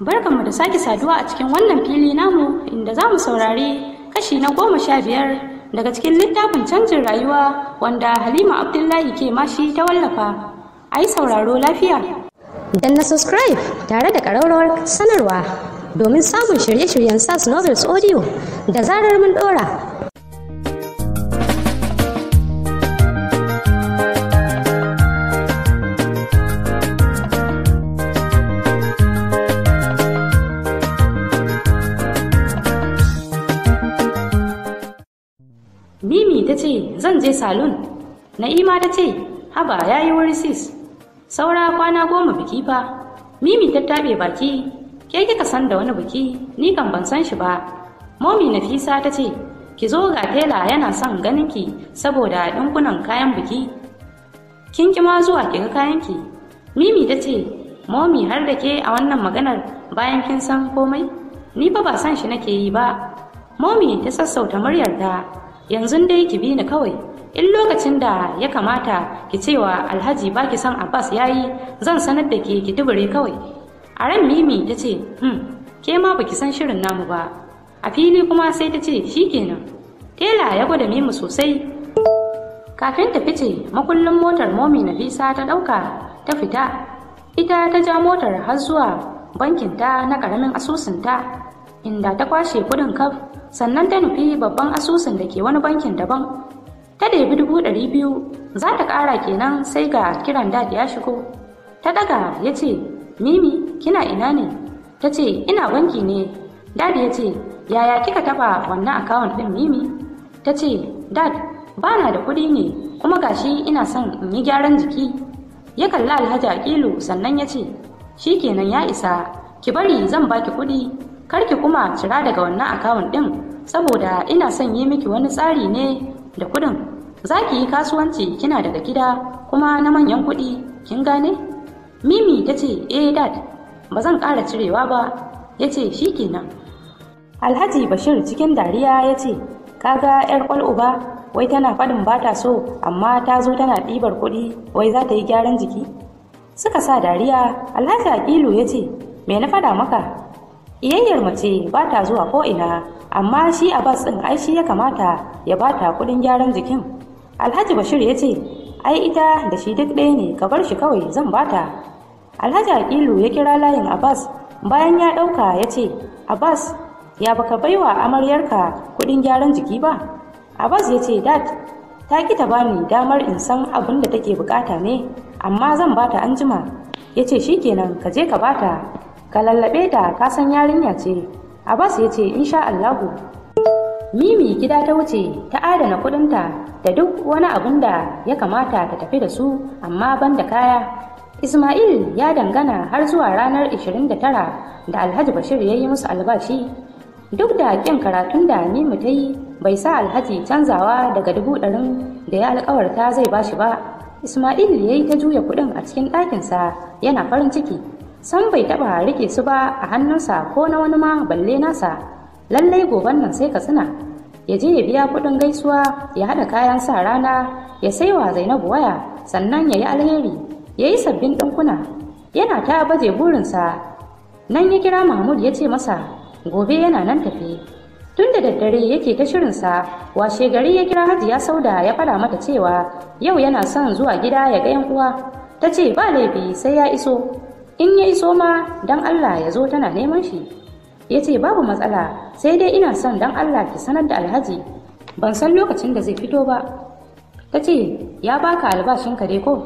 Barkanmu da sake saduwa a cikin wannan fili namu inda za mu saurari kashi na goma sha biyar daga cikin littafin canjin rayuwa wanda Halima Abdullahi ke mashi ta wallafa. Ai sauraro lafiya. Dan na subscribe tare da ƙararrawar sanarwa domin samun shirye-shiryen SAS Novels Audio da zarar mun ɗora je salon na'ima ta ce haba ya yi wuri sis saura kwana goma biki fa mimi ta tabe baki ke kika san da wani biki ni kan ban san shi ba momi nafisa ta ce ki zo ga tela yana son ganin ki saboda dinkunan kayan biki kin ki ma zuwa kiga kayan ki mimi ta ce momi har da ke a wannan maganar bayan kin san komai ni fa ba san shi nake yi ba momi ta sassauta muryar ta yanzu dai ki bi ni kawai in lokacin da ya kamata ki cewa alhaji ba ki son abbas ya yi zan sanar da ke ki dubure kawai a ran mimi ta ce hmm ke ma baki san shirin namu ba a fili kuma sai ta ce shi kenan tela ya gwada mimi sosai kafin ta fice makullin motar momi na Fisa ta ɗauka ta fita ita ta ja motar har zuwa bankin ta na ƙaramin ta, inda ta kwashe kudin kaf sannan ta nufi babban asusun da ke wani bankin daban ta ɗebi dubu ɗari biyu za ta ƙara kenan sai ga kiran dad ya shigo ta ɗaga ya ce mimi kina ina ne ta ce ina banki ne dad ya ce yaya kika taba wannan akawun ɗin mimi ta ce dad ba na da kuɗi ne kuma gashi ina son in yi gyaran jiki ya kalli alhaji Akilu, sannan ya ce shi kenan ya isa ki bari zan baki kuɗi kar ki kuma cira daga wannan akawun ɗin saboda ina son yi miki wani tsari ne da kuɗin za ki yi kasuwanci kina daga gida kuma na manyan kuɗi kin gane mimi ta ce eh dad ba zan ƙara cirewa ba ya ce shi kenan alhaji bashir cikin dariya ya ce kaga yar uba wai tana faɗin ba ta so amma ta zo tana ɗibar kuɗi wai za ta yi gyaran jiki suka sa dariya alhaji akilu ya ce me na faɗa maka iyayyar mace ba ta zuwa ko'ina amma shi a bas ɗin ai shi ya kamata ya ba ta kuɗin gyaran jikin alhaji bashir ya ce ai ita da shi duk ɗaya ne ka bar shi kawai zan bata alhaji aƙilu ya kira layin abbas bayan ya ɗauka ya ce abbas ya baka baiwa amaryarka kuɗin gyaran jiki ba abbas ya ce dad ta ki ta bani damar in san abin da take bukata ne amma zan bata anjima ya ce shikenan ka je ka bata ka lallaɓe ta ka san yarinya ce abbas ya ce insha allahu mimi gida ta wuce ta adana kudinta da duk wani abun da ya kamata ta tafi da su amma ban da kaya ismail ya dangana har zuwa ranar 29 da alhaji bashir ya yi musu albashi duk da kin karatun da Mimi ta yi bai sa alhaji canzawa daga dubu ɗarin da ya alkawarta zai bashi ba ismail ya yi ta juya kudin a cikin ɗakinsa yana farin ciki san bai taɓa rike su ba a hannunsa ko na wani ma balle nasa lallai goban nan sai ka tsina ya je ya biya kuɗin gaisuwa ya haɗa kayan sa rana ya saiwa zainabu waya sannan ya yi alheri ya yi sabbin ɗinkuna yana ta baje burinsa nan ya kira mahmud ya ce masa gobe yana nan tafi Tunda da daddare yake ta shirinsa washe gari ya kira hajiya sauda ya fada mata cewa yau yana son zuwa gida ya ga yan uwa ta ce ba laifi sai ya iso in ya iso ma don allah ya zo tana neman shi ya ce babu matsala sai dai ina son dan Allah ki sanar da alhaji ban san lokacin da zai fito ba ta ce ya baka ka dai ko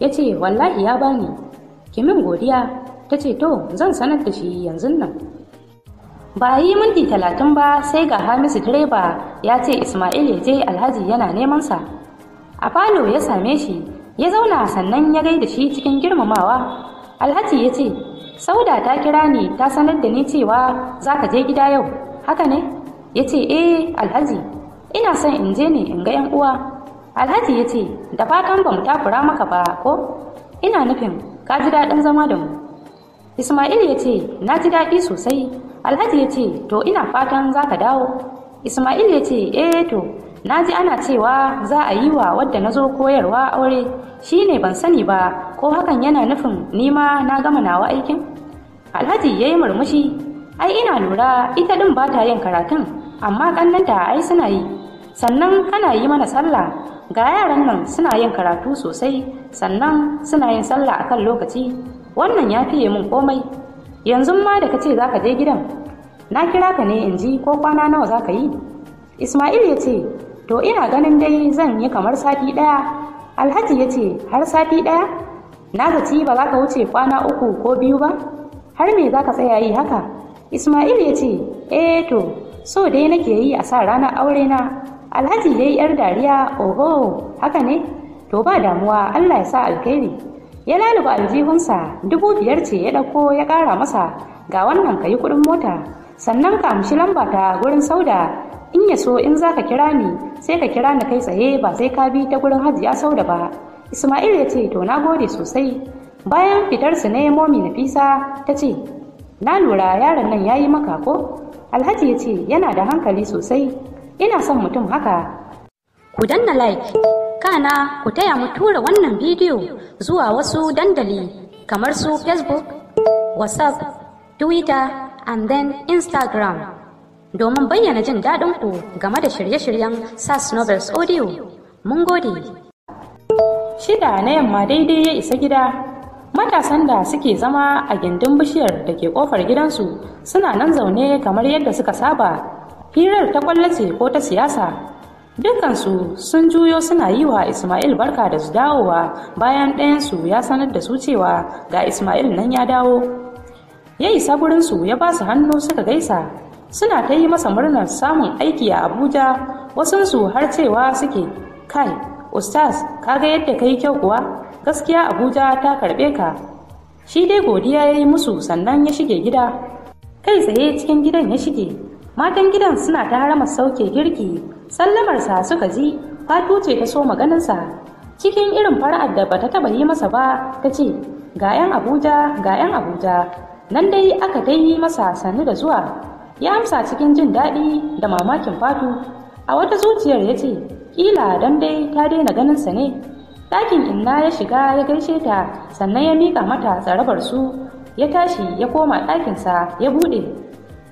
ya ce wallahi ya bani ki min godiya ta ce to zan sanar da shi yanzu nan ba yi minti talatin ba sai ga hamisu direba ya ce ismail ya je alhaji yana neman sa a falo ya same shi ya zauna sannan ya gaida shi cikin girmamawa alhaji ya ce sauda ta kira ni ta sanar da ni cewa za ka je gida yau haka ne ya ce eh alhaji ina son in je ne in ga yan uwa alhaji ya ce da fatan ba mu takura maka ba ko ina nufin ka ji daɗin zama da mu ismail ya ce na ji daɗi sosai alhaji ya ce to ina fatan za ka dawo ismail ya ce eh to na ji ana cewa za a yi wa wadda na zo koyarwa aure shi ne ban sani ba ko hakan yana nufin nima na gama nawa aikin alhaji ya yi murmushi ai ina lura ita ɗin ba ta yin karatun amma kannanta ai suna yi sannan ana yi mana sallah ga yaran nan suna yin karatu sosai sannan suna yin sallah akan lokaci wannan ya fiye min komai yanzu ma da ka ce za ka je gidan na kira ka ne in ji ko kwana nawa za ka yi Ismail ya ce to ina ganin dai zan yi kamar sati ɗaya alhaji ya ce har sati ɗaya na zaci ba za ka wuce kwana uku ko biyu ba har me za ka tsaya yi haka ismail ya ce eh to so dai nake yi a sa ranar aure na alhaji ya yi yar dariya oho haka ne to ba damuwa allah ya sa alkhairi ya laluba aljihunsa dubu biyar ce ya ɗauko ya ƙara masa ga wannan ka yi kuɗin mota sannan ka mushi lamba ta gurin sauda in ya so in za ka kira ni sai ka kira ni kai tsaye ba sai ka bi ta gurin hajiya da ba ismail ya ce to na gode sosai bayan fitar su ne momi nafisa ta ce na lura yaron nan ya yi maka ko alhaji ya ce yana da hankali sosai ina son mutum haka ku danna like kana ku taya mu tura wannan bidiyo zuwa wasu dandali kamar su facebook whatsapp twitter and then instagram domin bayyana jin daɗin ku game da shirye-shiryen SAS Novels Audio. Mun gode. Shida na yamma daidai ya isa gida. Matasan da suke zama a gindin bishiyar da ke kofar gidansu suna nan zaune kamar yadda suka saba. Hirar ta kwallace ko ta siyasa. Dukansu sun juyo suna yi wa Ismail barka da su dawowa bayan ɗayansu ya sanar da su cewa ga Ismail nan ya dawo. Ya isa gurinsu ya ba su hannu suka gaisa. suna ta yi masa murnar samun aiki a abuja su har cewa suke kai ustaz kaga yadda ka yi kyau kuwa gaskiya abuja ta karɓe ka shi dai godiya ya yi musu sannan ya shige gida kai tsaye cikin gidan ya shige matan gidan suna ta harama sauke girki sallamarsa suka ji fatu ce ta so maganinsa cikin irin fara'ar da bata taba yi masa ba ta ce ga 'yan abuja ga 'yan abuja nan dai aka dai yi masa sannu da zuwa ya amsa cikin jin daɗi da mamakin fatu a wata zuciyar ya ce ƙila don dai ta daina ganinsa ne ɗakin inna ya shiga ya gaishe ta sannan ya mika mata tsarabar su ya tashi ya koma ɗakinsa ya buɗe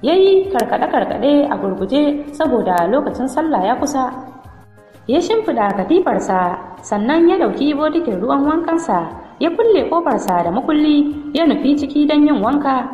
ya yi karkaɗe-karkaɗe a gurguje saboda lokacin sallah ya kusa ya shimfida katifarsa sannan ya ɗauki botikin ruwan wankansa ya kulle ƙofarsa da makulli ya nufi ciki don yin wanka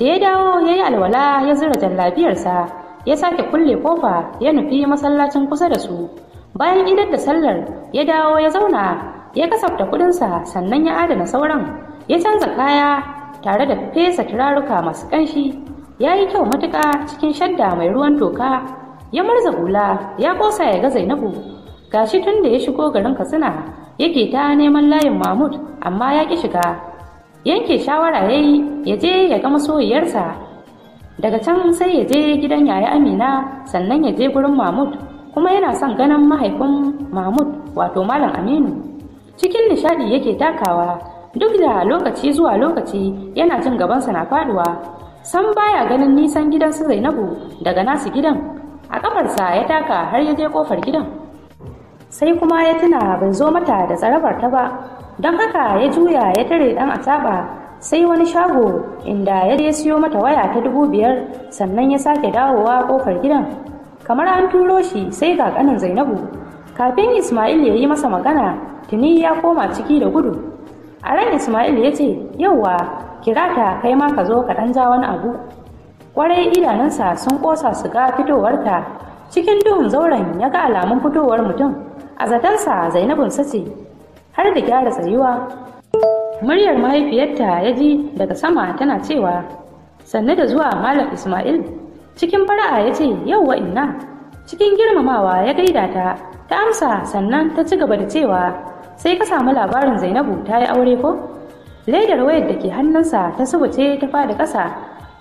da ya dawo ya yi alwala ya zura jallabiyarsa ya sake kulle kofa ya nufi masallacin kusa da su bayan idar da sallar ya dawo ya zauna ya kasafta kudinsa sannan ya adana sauran ya canza kaya tare da fesa turaruka masu kanshi, ya yi kyau matuka cikin shadda mai ruwan toka ya murza hula ya kosa ya ga zainabu gashi tun da ya shigo garin katsina yake ta neman layin mahmud amma ya ƙi shiga yanke shawara ya yi ya je ya ga masoyiyarsa daga can sai ya je gidan yaya amina sannan ya je gurin mahmud kuma yana son ganin mahaifin mahmud wato malam aminu cikin nishadi yake takawa duk da lokaci zuwa lokaci yana jin gabansa na faduwa san baya ganin nisan gidan su zainabu daga nasu gidan a kafarsa ya taka har ya je kofar gidan sai kuma ya tuna bai zo mata da tsarabar ta ba don haka ya juya ya tare dan acaba sai wani shago inda ya je siyo mata waya ta dubu biyar sannan ya sake dawowa kofar gidan kamar an turo shi sai ga kanin zainabu kafin ismail ya yi masa magana tuni ya koma ciki da gudu a ran ismail ya ce yauwa kira ta kai ma ka zo ka ɗan ja wani abu kwarai idanunsa sun kosa su ga fitowarta cikin duhun zauren ya ga alamun fitowar mutum a zatansa zainabun sace har da gyara tsayuwa muryar mahaifiyarta ya ji daga sama tana cewa sannu da zuwa malam ismail cikin fara'a ya ce wa inna cikin girmamawa ya gaida ta ta amsa sannan ta ci gaba da cewa sai ka samu labarin zainabu ta yi aure ko Laidar wayar da ke hannunsa ta subuce ta fada ƙasa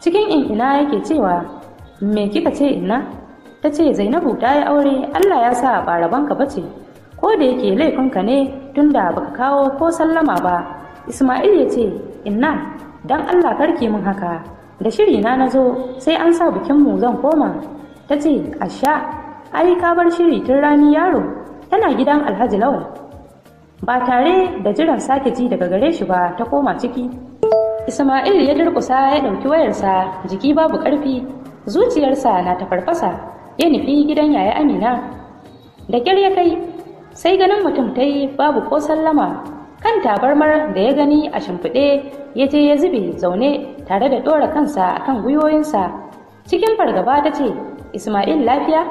cikin in'ina yake cewa me kika ce inna ta ce zainabu ta yi aure allah ya sa ba rabon ba ce ko da yake laifinka ne tun da baka kawo ko sallama ba isma'il ya ce inna dan allah karki min haka da shiri na na zo sai an sa bikinmu zan koma ta ce asha ai ka bar shiri tun rani yaro tana gidan alhaji lawal ba tare da jiran sake ji daga gare shi ba ta koma ciki isma'il ya durkusa ya ɗauki wayarsa jiki babu ƙarfi zuciyarsa na ta farfasa ya nufi gidan yaya amina da kyar ya kai sai ganin mutum ta yi babu ko sallama kan tabarmar da ya gani a shimfiɗe ya je ya zube zaune tare da ɗora kansa a kan gwiwoyinsa cikin fargaba ta ce ismail lafiya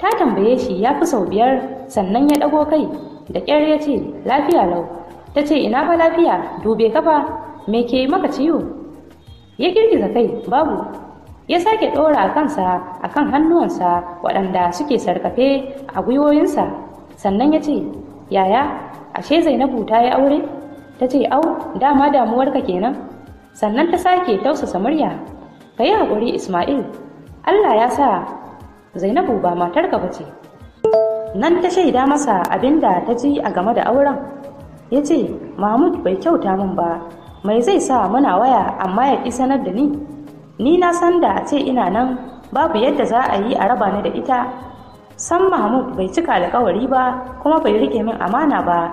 ta tambaye shi ya fi sau biyar sannan ya ɗago kai da ƙyar ya ce lafiya lau ta ce ina fa lafiya dube kafa me ke maka ciwo ya girgiza kai babu ya sake ɗora kansa a kan hannuwansa waɗanda suke sarkafe a gwiwoyinsa sannan ya ce yaya ashe zainabu ta yi aure ta ce au dama damuwarka kenan sannan ta sake tausasa murya ka yi haƙuri ismail allah ya sa zainabu ba matarka ba ce nan ta shaida masa abin da ta ji a game da auren ya ce mahmud bai kyauta min ba mai zai sa muna waya amma ya ƙi sanar da ni ni na san da a ce ina nan babu yadda za a yi a raba ni da ita san mahmud bai cika alkawari ba kuma bai rike min amana ba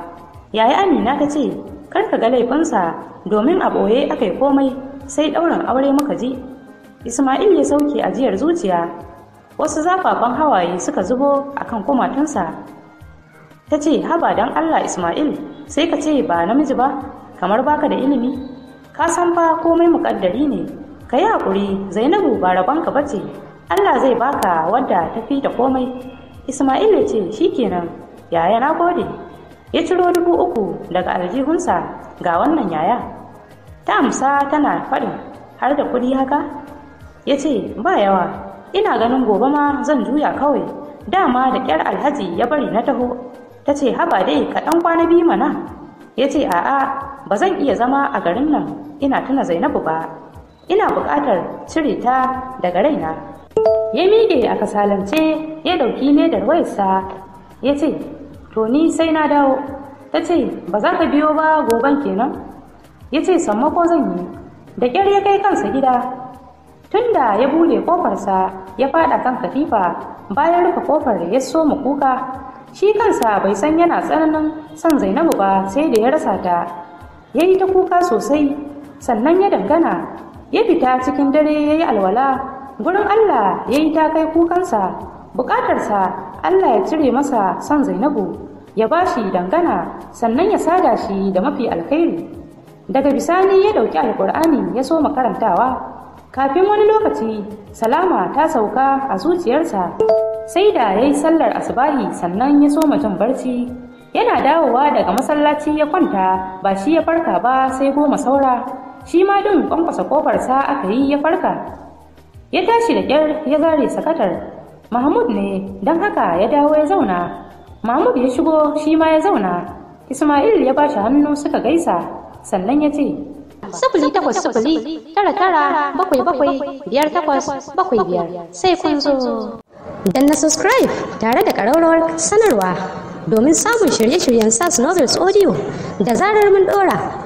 yayi amina ta ce kar ka ga laifinsa domin a ɓoye aka yi komai sai ɗaurin aure muka ji ismail ya sauke ajiyar zuciya wasu zafafan hawaye suka zubo a kan kumatunsa ta ce haba don allah ismail sai ka ce ba namiji ba kamar baka da ilimi ka san fa komai muƙaddari ne ka yi haƙuri zainabu ba rabonka ba ce Allah zai baka wadda ta fi da komai Ismail ya ce shi kenan, yaya na gode ya ciro dubu uku daga aljihunsa ga wannan yaya ta amsa tana faɗin har da kuɗi haka ya ce ba yawa ina ganin gobe ma zan juya kawai dama da ƙyar alhaji ya bari na taho ta ce haba dai ka ɗan kwana biyu mana ya ce a'a ba zan iya zama a garin nan ina tuna zainabu ba ina buƙatar cire ta daga raina ya miƙe a kasalance ya ɗauki ledar wayarsa ya ce to ni sai na dawo ta ce ba za ka biyo ba goban kenan ya ce sammako zan yi da ƙyar ya kai kansa gida tunda ya bude kofarsa ya fada kan katifa bayan rufe kofar da ya so mu kuka shi kansa bai san yana tsananin son zainabu ba sai da ya rasa ta ya yi ta kuka sosai sannan ya dangana ya fita cikin dare ya yi alwala gurin Allah ya yi ta kai kukansa bukatarsa Allah ya cire masa son Zainabu ya ba shi dangana sannan ya sada shi da mafi alkhairi daga bisani ya ɗauki alkur'ani ya so karantawa. kafin wani lokaci salama ta sauka a zuciyarsa sai da ya yi sallar asubahi sannan ya so jin barci yana dawowa daga masallaci ya kwanta ba shi ya farka ba sai goma saura shi ma din kwankwasa kofarsa aka yi ya farka ya tashi da ƙyar ya zare sakatar mahmud ne don haka ya dawo ya zauna mahmud ya shigo shi ma ya zauna ismail ya ba shi hannu suka gaisa sannan ya ce sufuri takwas sufuri tara tara bakwai bakwai biyar takwas bakwai biyar sai kun zo don na subscribe tare da ƙararrawar sanarwa domin samun shirye-shiryen sas novels audio da zarar mun ɗora